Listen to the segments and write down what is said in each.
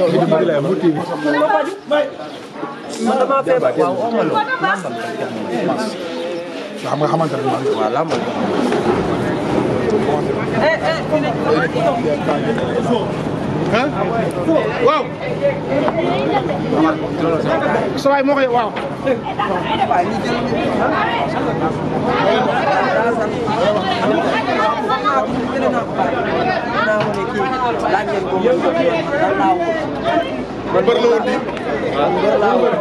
nga xamante ne man waaw laa mooy. ah waaw. saa waay moo koy waaw. laaj ngeen ko mën naa ko. man bëri la woon di. waaw bëri laa woon.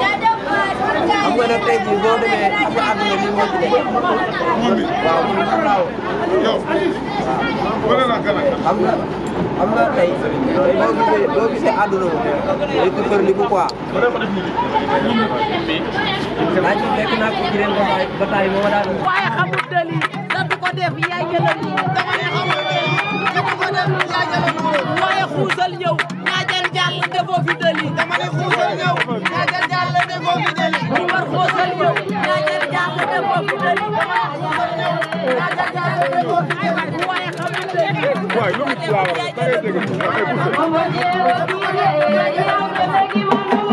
xam nga nag tey jii boo demee am nga àdduna lii moo ci bëri. waaw man bëri laa woon. yow bëri naa gën a. xam nga xam nga tey boo gisee boo gisee àdduna woon. dañ ko bëri li bu quoi. maa ngi fekk naa ko ci leen bataay bataay moo daal. waaye xamul dëli da du ko def yaay jëlal dama ne xamul dëli. nag ñu jaajëfal ñu waaye xuusal ñëw ñaajal jàll defoo fi dëli dama ne xuusal ñëw ñaajal jàll defoo fi dëli ñu war xuusal ñëw ñaajal jàll defoo fi dëli dama ne xuusal ñëw ñaajal jàll defoo fi dëli waaye xam nga dëli waaye lu mu ci laawal da ngay dégg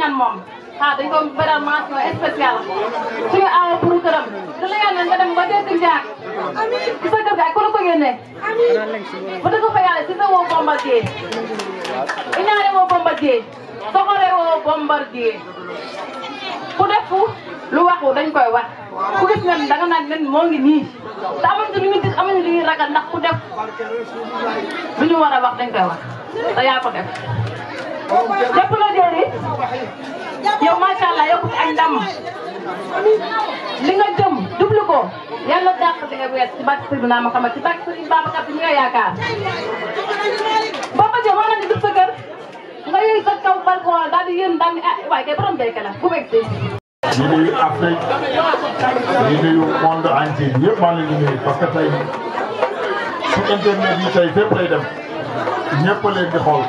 ñaan moom ah dañ ko beral mention spéciale suñu aar pour këram di la yàlla nga dem ba dégg njaar ci sa kër ak ku la ko génne bu dëgg fa yàlla si sa woo bombardier i ñaare woo bombardier soxore woo bombardier ku def lu waxu dañ koy wax ku gis nga danga naan leen moo ngi nii te amuñu lu ñu gis amuñu lu ñuy ragal ndax ku def lu ñu war a wax dañ koy wax yaa ko def lépp la jëriñ yow macha allah yokku ci ay ndam li nga jëm dublu ko yàlla dàq bi nga wees ci naa ma xamal ci bàq bi Babacar bi ñu nga yaakaar. boo ko nga yëy sa kaw balcon daal di yéen daal di ah waaye kay borom béykat la bu weesee. di nuyu Afrique di nuyu monde entier ñëpp maa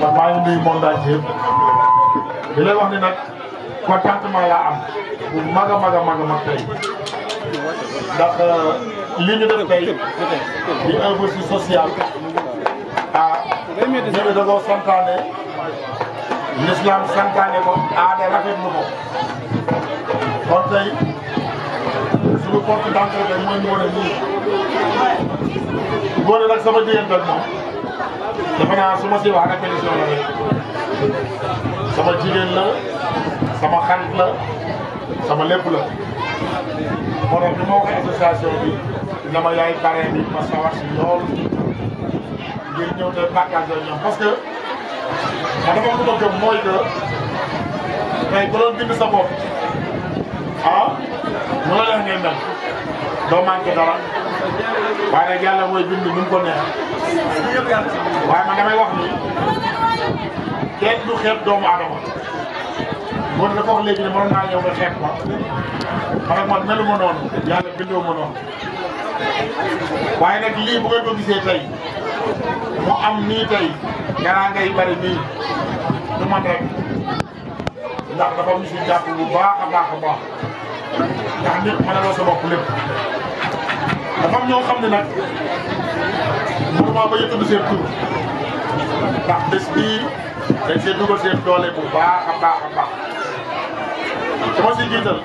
man maa ngi nuyu monde entier di leen wax ni nag contentement laa am bu mag a mag a mag a mag tey ndax euh, li ñu def tey di œuvre sociale ah ñebe da koo santaane l'islam santaane ko aada ah, rafetlu ko kon tey suñu porte d'entrée mooy Ngoné nii Ngoné nag sama diggante ak moom. defe naa su ma si wax la rek sama jigéen la sama xarit la sama lépp la moo tax bi ma waxee association bi dina yaay parrain bi parce si lool ngir ñëw te partage ñoom parce que man dama ko gëm mooy que tey ku doon sa bopp ah mu leen ngeen mel doo manqué dara waaye nag yàlla mooy nu mu ko neex waaye man damay wax ni kenn du xeeb doomu aadama bon dafa wax léegi ne mënoon naa ñëw nga xeeb ko man ak melu ma noonu yàlla bindoo ma noonu waaye nag lii bu ko gisee tey mu am nii tey yàlla ngay bari nii du man rek ndax dafa am si jàpp bu baax a baax a baax ndax nit mënaloo sa bopp lépp dafa am ñoo xam ne nag. mënuma ba yëkkatu seen tur ndax bés bii dañ see dugal seen doole bu baax a baax a baax su ma si jiital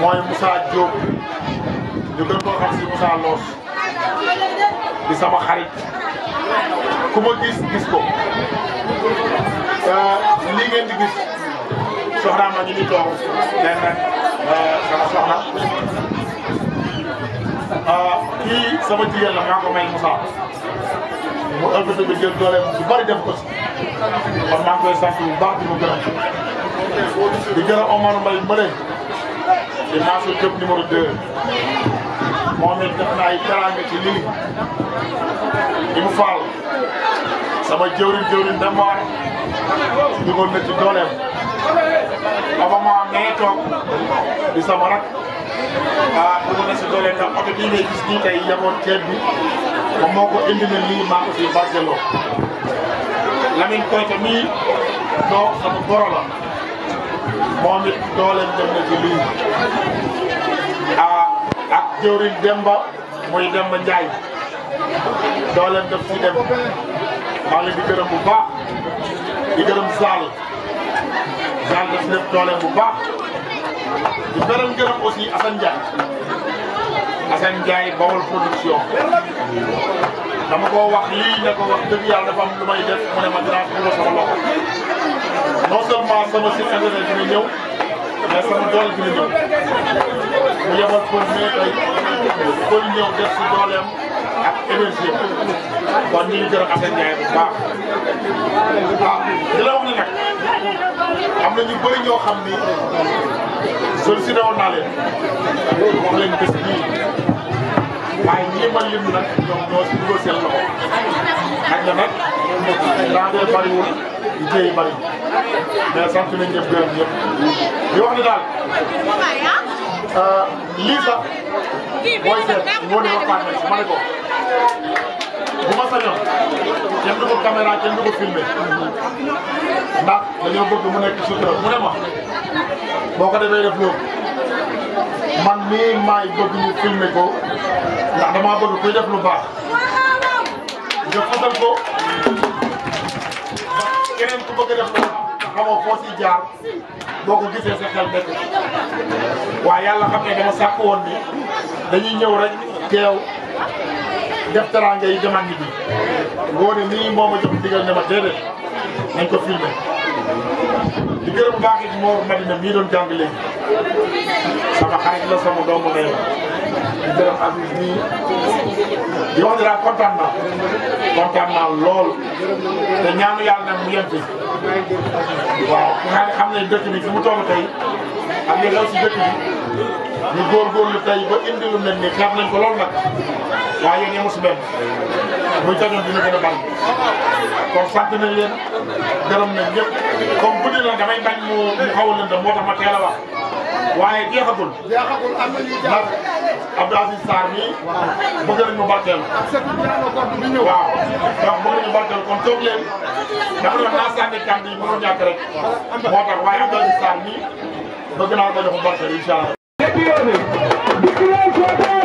mooy Moussa Diop ñu gën koo xam si Moussa Loos di sama xarit ku ma gis gis ko euh, lii ngeen di gis soxnaam na ñu ngi toog lenn euh, sama soxna Ah, kii sama jigéen la maa ko may Moussa mu ëllëg bi jël dooleem bu bëri def ko si kon maa ngi koy sant bu baax di ko gërëm di gërëm Omar Mbaye Mbale di Mansour Diop numéro 2 moom na ay teraanga ci lii mu faal sama jëwriñ jëwriñ Dembaar dugal na ci dooleem. ma maa ngi toog di sama rak. ah bu ma ne si dooleel ndax oto bii ngay gis nii tey yamoon ceeb bi moom moo ko indi na lii maa ko fi barcelone Lamine Koyte mii doo sama boro la moom it dooleem dem na ci lii ah ak jëwriñ Demba muy Demba Ndiaye dooleem def ci dem maa leen di gërëm bu baax di gërëm Sall Sall def lépp dooleem bu baax di beral gërëm aussi Assane Ndiaye Assane Ndiaye Bawol production ko wax lii ne ko wax dëgg yàlla dafa am lu may def mu ne ma dinaa ko sama loxo non seulement sama site internet dina ñëw mais sama doole dina ñëw mu yebal pël mais tey pël ñëw def si dooleem ak énergie kon ñu ngi gërëm Assane Ndiaye bu baax ah, wax ne nag am na ñu bëri yoo xam ni sollicité woon naa leen wax leen bés bii waaye ñii ma lim nag ñoom ñoo si dugal seen loxo xaj na nag daa dee bëriwul liggéey yi bëri mais sant nañ ñëpp gërëm ñëpp di wax ni daal euh, lii sax booy seet moo ne waxtaan nañ si ma ne ko bu ma sañoon kenn du ko kenn du ko filmé ndax dañoo bëgg mu nekk sutura mu ne ma boo ko defee def loolu man mii maay bëgg ñu filmé ko ndax damaa bëgg kuy def lu baax nga fasal ko keneen ku bëgg def ko xamoo foo si jaar boo ko gisee sa xel nekk waaye yàlla xam ne dama sàkk woon ni dañuy ñëw rek teew def teraanga yi dem ak nit ñi. ngoone nii moo ma jox digal ne ma déedéet nañ ko filmé di gërëm bu baax it moo Madina mii doon jàng léegi sama xarit la sama doomu ndey la di gërëm Aziz nii di wax ne kontaan naa kontaan naa lool te ñaanu yàlla na mu yem fi waaw ku nga xam ne dëkk bi fi mu toll tey ak li xew si dëkk bi ñu góorgóorlu tey ba indi lu mel ni xeeb nañ ko lool nag. waaye yéen yemu si benn buñ sañoon dina gën a bari kon sant nañ leen gërëm nañ ñëpp comme guddi la damay bañ mu mu xaw a lëndëm moo tax ma teel a wax waaye jeexagul. jeexagul am na ñuy jaaxal ndax Abdou Aziz Sarr mii. waaw bëgg nañu barkeel. ak Seydou Diallo kooku du ñëw. waaw donc bëgg nañu barkeel kon toog leen ndax nag naa sànni kàddu yi mënul ñàkk rek moo tax waaye Abdou Aziz Sarr mii bëgg naa ko jox barkeel incha allah.